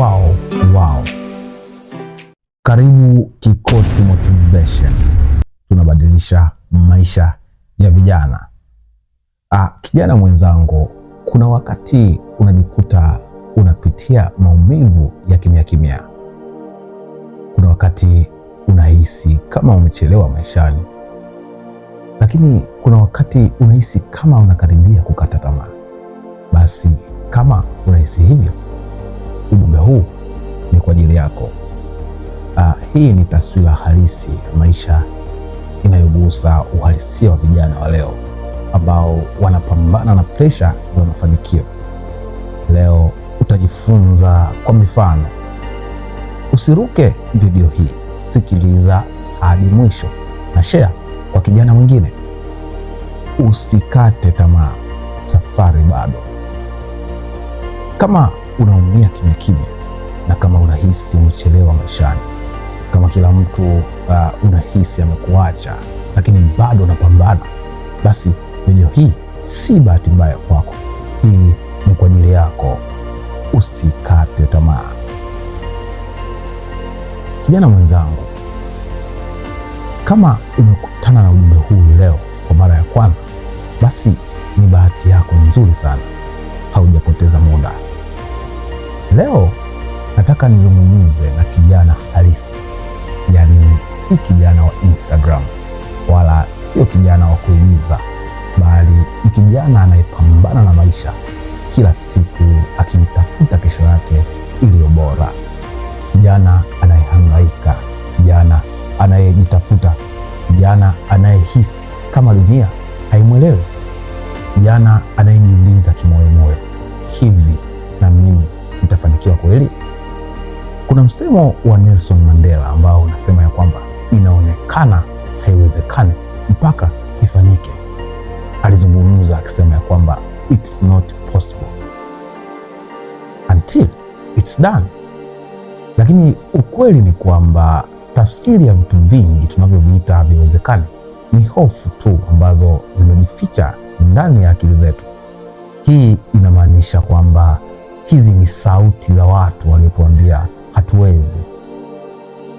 wao wao. Karibu Kikoti Motivation, tunabadilisha maisha ya vijana. Ah, kijana mwenzangu, kuna wakati unajikuta unapitia maumivu ya kimya kimya. Kuna wakati unahisi kama umechelewa maishani, lakini kuna wakati unahisi kama unakaribia kukata tamaa. Basi kama unahisi hivyo huu ni kwa ajili yako. Ah, hii ni taswira halisi ya maisha inayogusa uhalisia wa vijana wa leo ambao wanapambana na presha za mafanikio. Leo utajifunza kwa mifano. Usiruke video hii, sikiliza hadi mwisho na share kwa kijana mwingine. Usikate tamaa, safari bado. Kama unaumia kimya kimya, na kama unahisi umechelewa maishani, kama kila mtu uh, unahisi amekuacha, lakini bado unapambana, basi video hii si bahati mbaya kwako, hii ni kwa ajili yako. Usikate tamaa, kijana mwenzangu. Kama umekutana na ujumbe huu leo kwa mara ya kwanza, basi ni bahati yako nzuri sana, haujapoteza muda. Leo nataka nizungumze na kijana halisi, yaani si kijana wa Instagram wala sio kijana wa kuigiza, bali ni kijana anayepambana na maisha kila siku, akiitafuta kesho yake iliyo bora, kijana anayehangaika, kijana anayejitafuta, kijana anayehisi kama dunia haimwelewi, kijana anayejiuliza kimoyo Kuna msemo wa Nelson Mandela ambao unasema ya kwamba inaonekana haiwezekani mpaka ifanyike. Alizungumza akisema ya kwamba it's not possible until it's done. Lakini ukweli ni kwamba tafsiri ya vitu vingi tunavyoviita haviwezekani ni hofu tu ambazo zimejificha ndani ya akili zetu. Hii inamaanisha kwamba hizi ni sauti za watu waliotuambia hatuwezi.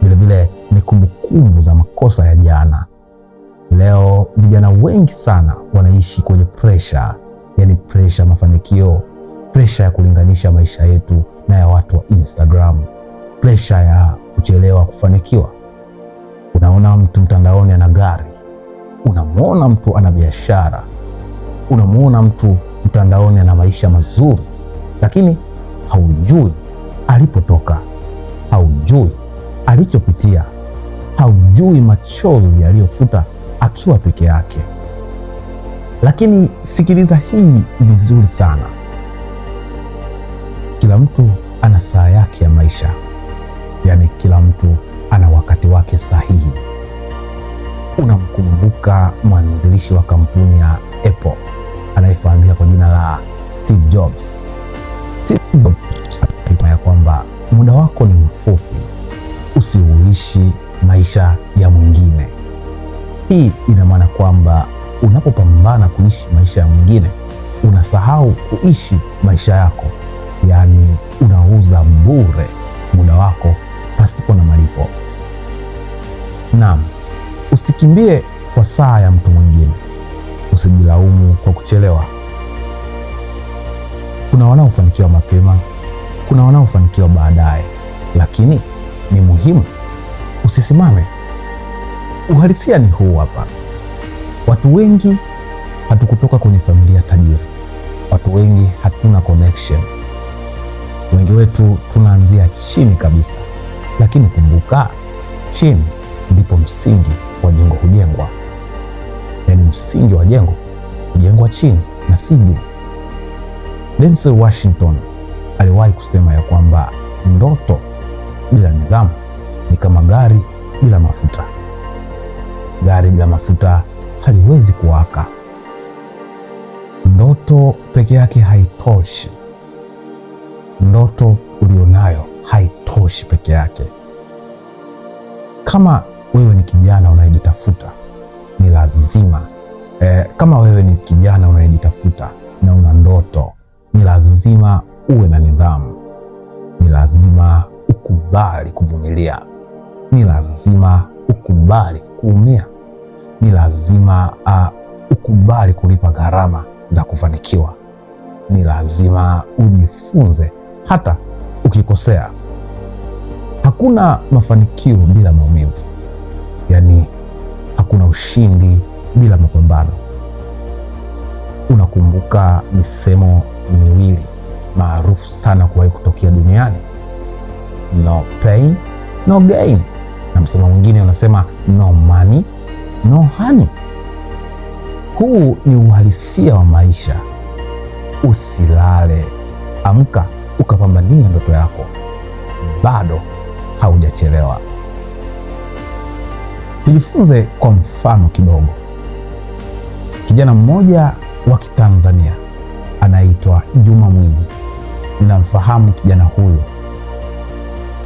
Vilevile ni kumbukumbu za makosa ya jana. Leo vijana wengi sana wanaishi kwenye presha, yani presha mafanikio, presha ya kulinganisha maisha yetu na ya watu wa Instagram, presha ya kuchelewa kufanikiwa. Unaona mtu mtandaoni ana gari, unamwona mtu ana biashara, unamwona mtu mtandaoni ana maisha mazuri, lakini haujui alipotoka haujui alichopitia, haujui machozi aliyofuta akiwa peke yake. Lakini sikiliza hii vizuri sana, kila mtu ana saa yake ya maisha, yaani kila mtu ana wakati wake sahihi. Unamkumbuka mwanzilishi wa kampuni ya Apple anayefahamika kwa jina la Steve Jobs. Steve Jobs hapa ya kwamba muda wako ni mfupi, usiuishi maisha ya mwingine. Hii ina maana kwamba unapopambana kuishi maisha ya mwingine unasahau kuishi maisha yako, yaani unauza bure muda wako pasipo na malipo. Naam, usikimbie kwa saa ya mtu mwingine, usijilaumu kwa kuchelewa. Kuna wanaofanikiwa mapema kuna wanaofanikiwa baadaye, lakini ni muhimu usisimame. Uhalisia ni huu hapa. Watu wengi hatukutoka kwenye familia tajiri, watu wengi hatuna connection, wengi wetu tunaanzia chini kabisa, lakini kumbuka, chini ndipo msingi wa jengo hujengwa. Yaani msingi wa jengo hujengwa chini na si juu. Denzel Washington aliwahi kusema ya kwamba ndoto bila nidhamu ni kama gari bila mafuta. Gari bila mafuta haliwezi kuwaka. Ndoto peke yake haitoshi. Ndoto ulionayo haitoshi peke yake. Kama wewe ni kijana unayejitafuta ni lazima eh, kama wewe ni kijana unayejitafuta na una ndoto ni lazima uwe na nidhamu. Ni lazima ukubali kuvumilia, ni lazima ukubali kuumia, ni lazima uh, ukubali kulipa gharama za kufanikiwa. Ni lazima ujifunze hata ukikosea. Hakuna mafanikio bila maumivu, yaani hakuna ushindi bila mapambano. Unakumbuka misemo miwili maarufu sana kuwahi kutokea duniani, no pain no gain, na msemo mwingine unasema no money no honey. Huu ni uhalisia wa maisha. Usilale, amka ukapambania ndoto yako, bado haujachelewa. Tujifunze kwa mfano kidogo. Kijana mmoja wa Kitanzania anaitwa Juma Mwinyi ninamfahamu kijana huyu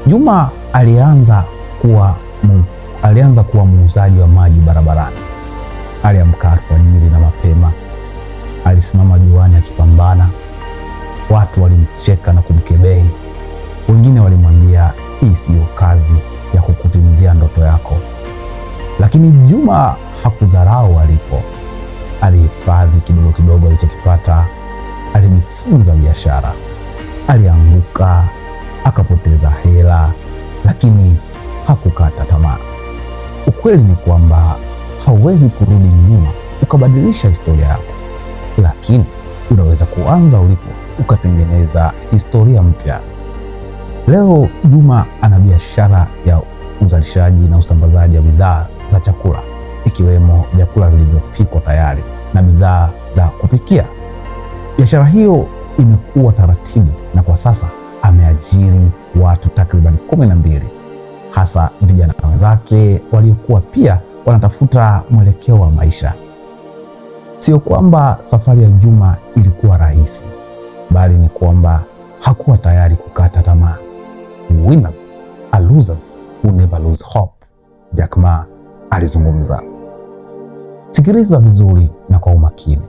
Juma alianza kuwa mu, alianza kuwa muuzaji wa maji barabarani. Aliamka alfajiri na mapema, alisimama juani akipambana. Watu walimcheka na kumkebehi, wengine walimwambia hii siyo kazi ya kukutimizia ndoto yako, lakini Juma hakudharau alipo. Alihifadhi kidogo kidogo alichokipata, alijifunza biashara alianguka akapoteza hela, lakini hakukata tamaa. Ukweli ni kwamba hauwezi kurudi nyuma ukabadilisha historia yako, lakini unaweza kuanza ulipo ukatengeneza historia mpya. Leo Juma ana biashara ya uzalishaji na usambazaji wa bidhaa za chakula ikiwemo vyakula vilivyopikwa tayari na bidhaa za kupikia. Biashara hiyo imekuwa taratibu, na kwa sasa ameajiri watu takriban kumi na mbili hasa vijana wenzake waliokuwa pia wanatafuta mwelekeo wa maisha. Sio kwamba safari ya Juma ilikuwa rahisi, bali ni kwamba hakuwa tayari kukata tamaa. Winners are losers who never lose hope, Jack Ma alizungumza. Sikiliza vizuri na kwa umakini.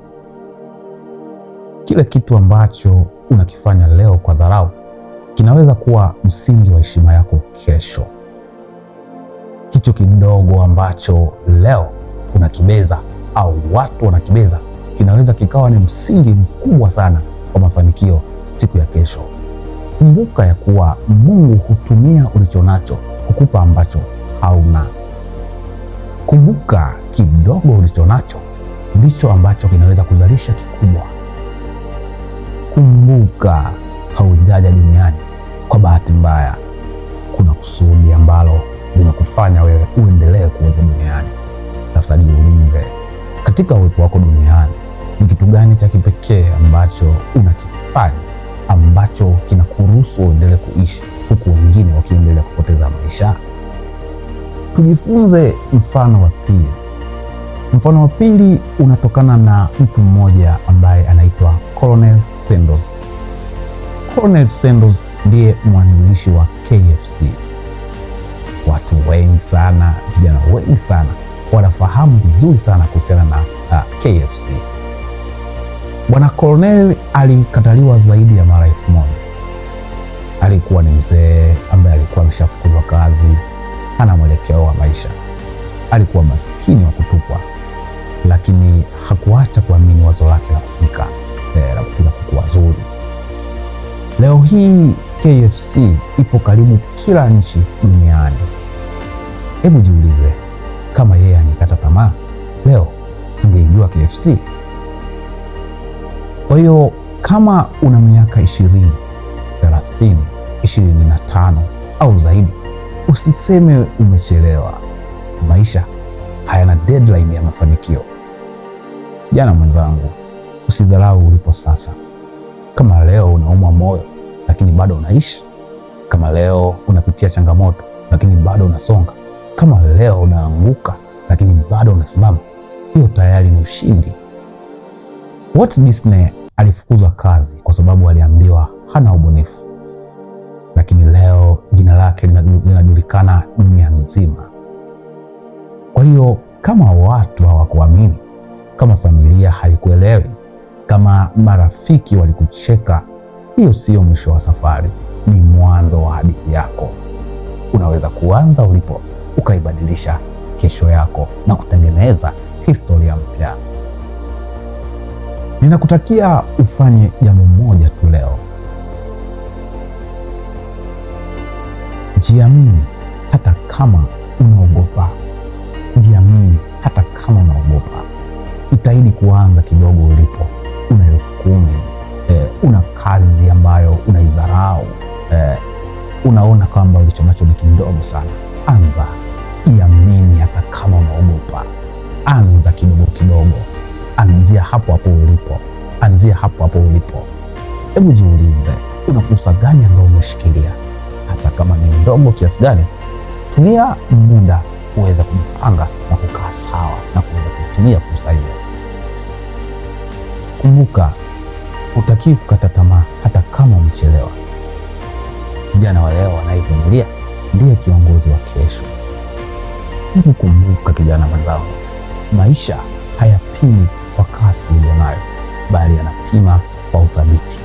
Kila kitu ambacho unakifanya leo kwa dharau kinaweza kuwa msingi wa heshima yako kesho. Kitu kidogo ambacho leo unakibeza au watu wanakibeza kinaweza kikawa ni msingi mkubwa sana wa mafanikio siku ya kesho. Kumbuka ya kuwa Mungu hutumia ulichonacho kukupa ambacho hauna. Kumbuka, kidogo ulichonacho ndicho ambacho kinaweza kuzalisha kikubwa. Kumbuka haujaja duniani kwa bahati mbaya. Kuna kusudi ambalo limekufanya wewe uendelee kuwepo duniani. Sasa jiulize, katika uwepo wako duniani ni kitu gani cha kipekee ambacho unakifanya ambacho kinakuruhusu uendelee kuishi huku wengine wakiendelea kupoteza maisha? Tujifunze mfano wa pili. Mfano wa pili unatokana na mtu mmoja ambaye anaitwa Colonel Sanders. Colonel Sanders ndiye mwanzilishi wa KFC. Watu wengi sana, vijana wengi sana wanafahamu vizuri sana kuhusiana na uh, KFC. Bwana Colonel alikataliwa zaidi ya mara elfu moja. Alikuwa ni mzee ambaye alikuwa ameshafukuzwa kazi, hana mwelekeo wa maisha, alikuwa maskini wa kutupwa lakini hakuacha kuamini wazo lake la kupika eh, la kupika kuku wazuri. Leo hii KFC ipo karibu kila nchi duniani. Hebu jiulize, kama yeye angekata tamaa leo tungeijua KFC? Kwa hiyo kama una miaka ishirini, thelathini, ishirini na tano au zaidi, usiseme umechelewa. Maisha hayana deadline ya mafanikio. Kijana mwenzangu, usidharau ulipo sasa. Kama leo unaumwa moyo lakini bado unaishi, kama leo unapitia changamoto lakini bado unasonga, kama leo unaanguka lakini bado unasimama, hiyo tayari ni ushindi. Walt Disney alifukuzwa kazi kwa sababu aliambiwa hana ubunifu, lakini leo jina lake linajulikana dunia nzima. Kwa hiyo kama watu hawakuamini kama familia haikuelewi, kama marafiki walikucheka, hiyo sio mwisho wa safari, ni mwanzo wa hadithi yako. Unaweza kuanza ulipo ukaibadilisha kesho yako na kutengeneza historia mpya. Ninakutakia ufanye jambo moja tu leo, jiamini. kuanza kidogo ulipo, una elfu kumi eh, una kazi ambayo unaidharau eh, unaona kwamba ulicho nacho ni kidogo sana. Anza, iamini hata kama unaogopa. Anza kidogo kidogo, anzia hapo hapo ulipo, anzia hapo hapo ulipo. Hebu jiulize, una fursa gani ambayo umeshikilia? Hata kama ni ndogo kiasi gani, tumia muda kuweza kujipanga na kukaa sawa na kuweza kutumia fursa Kumbuka, hutakiwi kukata tamaa hata kama umechelewa. Kijana wa leo anayevumilia ndiye kiongozi wa kesho. Hebu kumbuka, kijana mwenzangu, maisha hayapimi kwa kasi ulionayo, bali yanapima kwa uthabiti.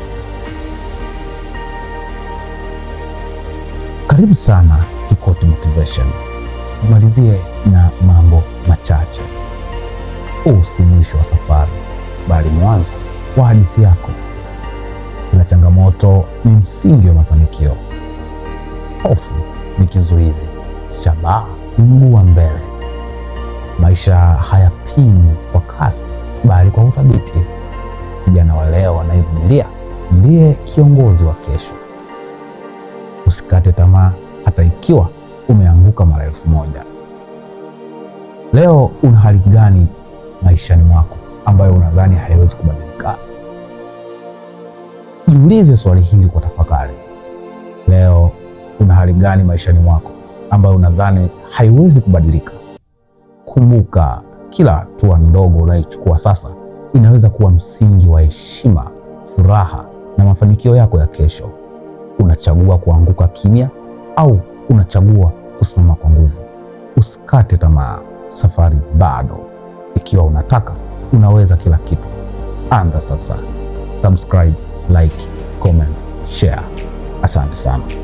Karibu sana Kikoti Motivation. Malizie na mambo machache: huu si mwisho wa safari mwanzo wa hadithi yako. Kila changamoto ni msingi wa mafanikio. Hofu ni kizuizi, shabaha ni mguu wa mbele. Maisha hayapimi kwa kasi, bali kwa uthabiti. Kijana wa leo anayevumilia ndiye kiongozi wa kesho. Usikate tamaa hata ikiwa umeanguka mara elfu moja. Leo una hali gani maishani mwako? ambayo unadhani haiwezi kubadilika? Jiulize swali hili kwa tafakari. Leo una hali gani maishani mwako ambayo unadhani haiwezi kubadilika? Kumbuka, kila hatua ndogo unayochukua sasa inaweza kuwa msingi wa heshima, furaha na mafanikio yako ya kesho. Unachagua kuanguka kimya au unachagua kusimama kwa nguvu? Usikate tamaa, safari bado. Ikiwa unataka unaweza kila kitu. Anza sasa, subscribe, like, comment, share. Asante sana.